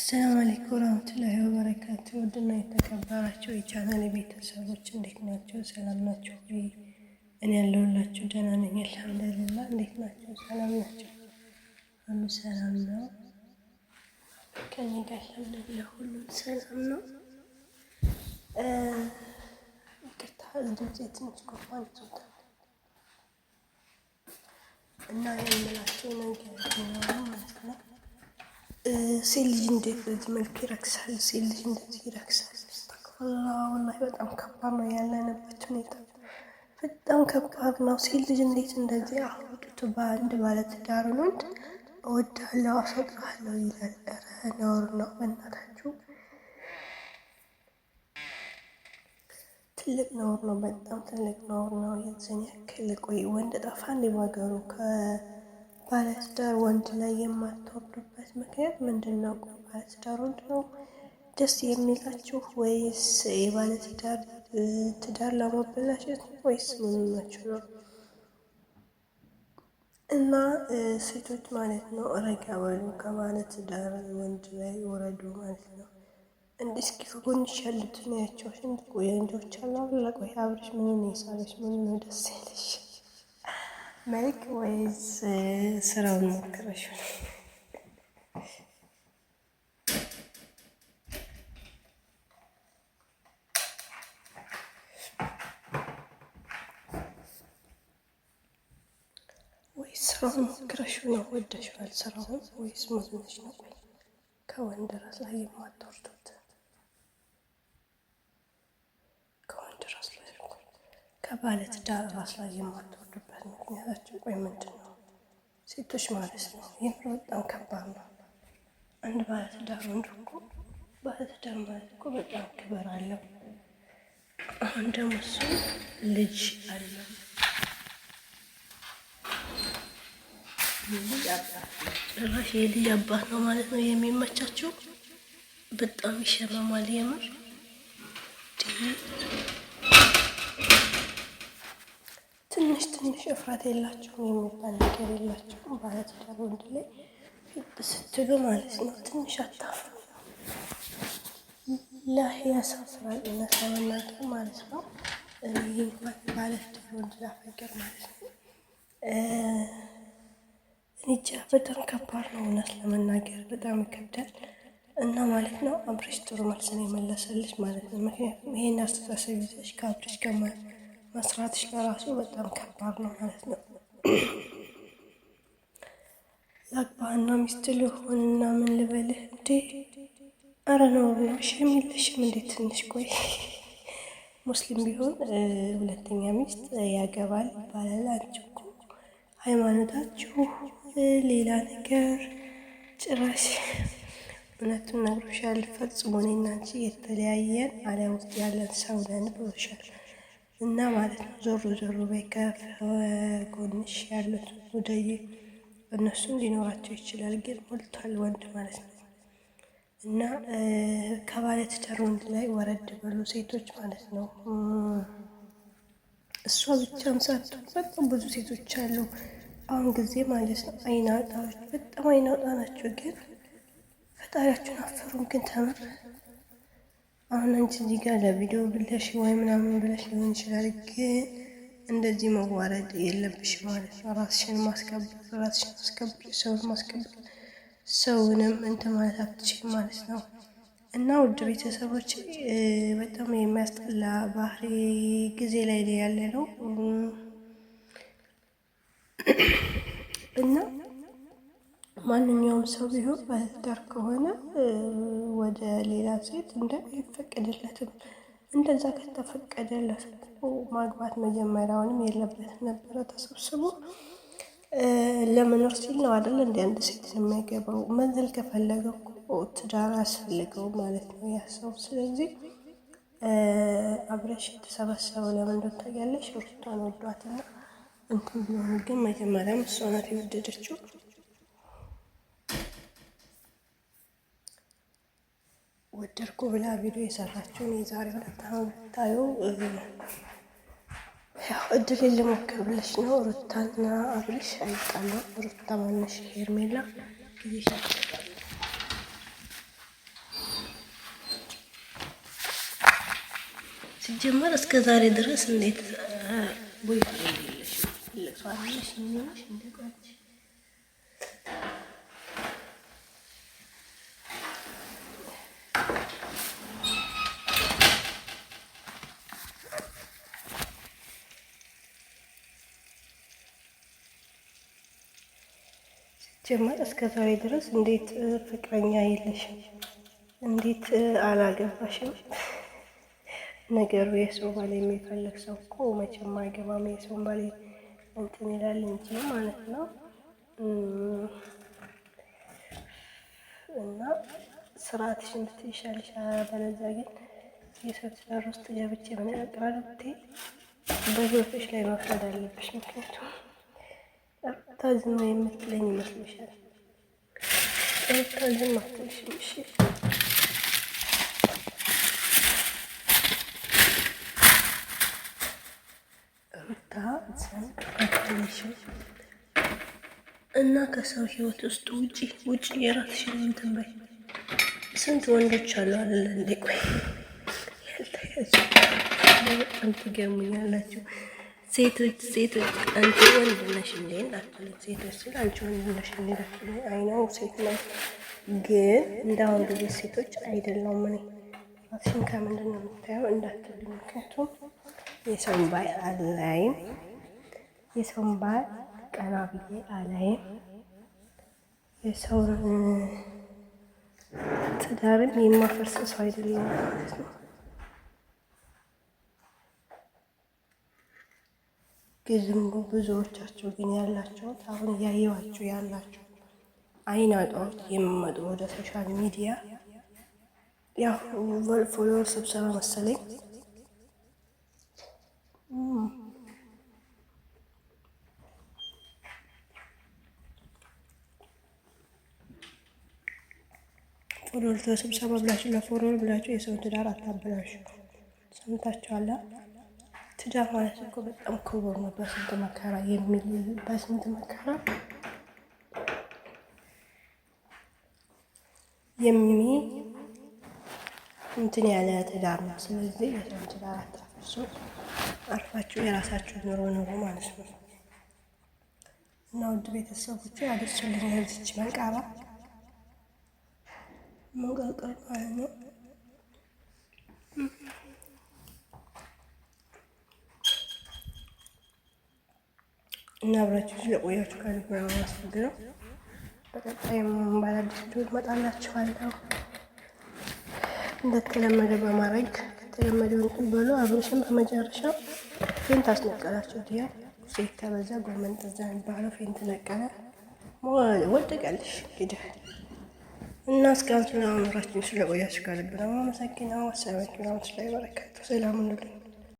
አሰላሙ አለይኩም ወራህመቱላሂ ወበረካቱ። ውድና የተከበራችሁ የቻናል ቤተሰቦች እንዴት ናቸው? ሰላም ናቸው? እኔ ያለሁላችሁ ደህና ነኝ፣ አልሐምዱሊላ። እንዴት ናቸው? ሰላም ናቸው? ሁሉ ሰላም ነው? ከኔ ጋር አልሐምዱሊላ፣ ሁሉም ሰላም ነው። ይቅርታ ድምፄ ትንሽ ጉንፋን ይዞታል እና የምላችሁ ነገር ማለት ነው ሴት ልጅ እንዴት በዚህ መልኩ ይረክሳል? ሴት ልጅ እንደዚህ ይረክሳል? ወላሂ በጣም ከባድ ነው ያለንበት ሁኔታ፣ በጣም ከባድ ነው። ሴት ልጅ እንዴት እንደዚህ አውጡት። በአንድ ባለትዳር ወንድ እወድሃለሁ፣ አፈቅርሃለሁ ይላል። ኧረ ነውር ነው በእናታችሁ፣ ትልቅ ነውር ነው፣ በጣም ትልቅ ነውር ነው። የዚህን ያክል ቆይ ወንድ ጠፋ እንዲባገሩ ከ ባለትዳር ወንድ ላይ የማትወርዱበት ምክንያት ምንድን ነው? ባለትዳር ወንድ ነው ደስ የሚላችሁ ወይስ የባለትዳር ትዳር ለማበላሸት ነው ወይስ ምንናችሁ ነው? እና ሴቶች ማለት ነው ረጋ በሉ፣ ከባለትዳር ወንድ ላይ ወረዱ ማለት ነው። እንዲ እስኪ ከጎንሽ ያሉትን ያቸው ሽንት ቆየ እንጆች አላ ብላ ቆይ አብረሽ ምንን የሳለሽ ምንን ደስ ያለሽ መልክ ወይስ ስራውን ሞክረሽ? ስራውን ሞክረሽ ነው? ወደሽዋል ስራውን ወይስ መዝመሽ ነው? ቆይ ከወንድ ራስ ላይ የማትወርዱት ከባለ ትዳር ራስ ላይ የማትወርዱት ምክንያታችን ቆይ ምንድን ነው? ሴቶች ማለት ነው ይህ በጣም ከባድ ነው። አንድ ባለትዳር ወንድ እኮ ባለትዳር ማለት እኮ በጣም ክብር አለው። አሁን ደግሞ እሱ ልጅ አለው ጭራሽ የልጅ አባት ነው ማለት ነው የሚመቻቸው። በጣም ይሸመማል የምር ትንሽ ትንሽ እፍረት የላቸውም የሚባል ነገር የላቸውም። ባለትዳር ወንድ ላይ ፊት ስትሉ ማለት ነው። ትንሽ አታፍሩ። ላህ ያሳፍራል፣ እውነት ለመናገር ማለት ነው። እኔ ባለትዳር ወንድ ላፈገር ማለት ነው። እንጃ በጣም ከባድ ነው፣ እውነት ለመናገር በጣም ይከብዳል። እና ማለት ነው አብረሽ ጥሩ መልስ ነው የመለሰልሽ ማለት ነው። ምክንያቱም ይሄን አስተሳሰብ ይዘሽ ከአብረሽ ከማ መስራትሽ ለራሱ በጣም ከባድ ነው ማለት ነው። ላግባህና ሚስት ልሆንና ምን ልበልህ እንዴ? አረ ነው ሽም የሚልሽም እንዴ? ትንሽ ቆይ ሙስሊም ቢሆን ሁለተኛ ሚስት ያገባል ይባላል። አንቺ እኮ ሃይማኖታችሁ ሌላ ነገር ጭራሽ እውነቱን ነግሮሻል። ፈጽሞ እኔና አንቺ የተለያየን ዓለም ውስጥ ያለን ሰው ነን ብሎሻል። እና ማለት ነው። ዞሮ ዞሮ በይ ከጎንሽ ያሉት ወደየ እነሱም ሊኖራቸው ይችላል፣ ግን ሞልቷል ወንድ ማለት ነው። እና ከባለ ትዳር ወንድ ላይ ወረድ በሉ ሴቶች ማለት ነው። እሷ ብቻም ሳትሆን በጣም ብዙ ሴቶች አሉ አሁን ጊዜ ማለት ነው። አይናውጣዎች በጣም አይናውጣ ናቸው፣ ግን ፈጣሪያቸውን አፈሩም ግን ተምር አሁን አንቺ እዚህ ጋር ለቪዲዮ ብለሽ ወይ ምናምን ብለሽ ሊሆን ይችላል፣ ግን እንደዚህ መዋረድ የለብሽ ማለት ነው። ራስሽን ማስከበር ራስሽን ማስከበር ሰውን ማስከበር ሰውንም እንትን ማለት አትችል ማለት ነው። እና ውድ ቤተሰቦች በጣም የሚያስጠላ ባህሪ ጊዜ ላይ ያለ ነው እና ማንኛውም ሰው ቢሆን ባለትዳር ከሆነ ወደ ሌላ ሴት እንደ አይፈቀድለትም። እንደዛ ከተፈቀደለት ማግባት መጀመሪያውንም የለበትም ነበረ ተሰብስቦ ለመኖር ሲል ነው አይደል? እንደ አንድ ሴት የማይገባው መንዘል ከፈለገ ትዳር አስፈልገው ማለት ነው ያሰው። ስለዚህ አብረሽ የተሰበሰበው ለምን እንደታያለሽ ሩታን ወዷትና እንትን ቢሆን ግን መጀመሪያም እሷ ናት የወደደችው። ወደድኩ ብላ ቪዲዮ የሰራችውን የዛሬ ሁለት ዓመት ብታዩ ያው እድል ልሞክር ብለሽ ነው። ሩታና አብርሽ አይጣሉ። ሩታ ማነሽ ሄርሜላ ሲጀመር እስከ ዛሬ ድረስ እንዴት ወይ ጀመር እስከ ዛሬ ድረስ እንዴት ፍቅረኛ የለሽም? እንዴት አላገባሽም? ነገሩ የሰው ባል የሚፈልግ ሰው እኮ መቼም አይገባም። የሰው ባል እንትን ይላል እንጂ ማለት ነው። እና ስርዓትሽን ብትይ ይሻልሻል። በለዚያ ግን የሰው ትዳር ውስጥ ገብቼ ምን ያቅራል ብትይ በግብቶች ላይ መፍረድ አለብሽ ምክንያቱም ሩታ ዝም የምትለኝ ይመስልሻል? ሩታ ዝም አትልሽም። እሺ ሩታ ዝም አትልሽም እና ከሰው ህይወት ውስጥ ውጪ ውጪ የራስሽን እንትን በይ። ስንት ወንዶች አሉ አይደለ እንዴ? ቆይ ያልተያዙ በጣም ትገርሙኛላችሁ። ሴቶች ሴቶች አንቺ ወንድ ነሽ እንዴ አትሉኝ። ሴቶች ሲል አንቺ ወንድ ነሽ እንዴ አትሉኝ። አይነው ሴት ነው ግን እንደ አሁን ጊዜ ሴቶች አይደለሁም እኔ ራስሽን ከምንድን ነው የምታየው እንዳትሉኝ። ምክንያቱም የሰውን ባይ አላይም፣ የሰውን ባይ ቀና ብዬ አላይም። የሰውን ትዳርም የማፈርስ ሰው አይደለሁም ማለት ነው። ግን ብዙዎቻቸው ግን ያላቸውት አሁን እያየዋቸው ያላቸው አይን አጣዎች የሚመጡ ወደ ሶሻል ሚዲያ ያው ፎሎወር ስብሰባ መሰለኝ ፎሎወር ስብሰባ ብላችሁ ለፎሎወር ብላችሁ የሰው ትዳር አታበላሹ። ሰምታችኋላ። ትዳር ማለት እኮ በጣም ክቡር ነው። በስንት መከራ የሚል በስንት መከራ የሚኒ እንትን ያለ ትዳር ነው። ስለዚህ የሰውን ትዳር አታፍርሱ። አርፋችሁ የራሳችሁ ኑሮ ኑሮ ማለት ነው እና ውድ ቤተሰቦች አደሱልኝ ያልስች መቃባ መቀቀል ማለት ነው። እና አብራችሁ ስለቆያችሁ ከልብ ነው የማመሰግነው። በቀጣይም ባዳዲስ ቪዲዮ እመጣላችኋለሁ። እንደተለመደ በማድረግ የተለመደውን ቁበሎ አብሮሽም በመጨረሻው ፌንት አስነቀላችሁ ትያል ሴት ከበዛ ጎመን ጠዛ የሚባለው ፌንት ነቀለ ወድቀልሽ እንግዲህ እና እስካሁን ስለ አምራችን ስለቆያችሁ ከልብ ነው የማመሰግነው። አሰላሙ አለይኩም ወራህመቱላሂ ወበረካቱ። ሰላም ሁኑልኝ።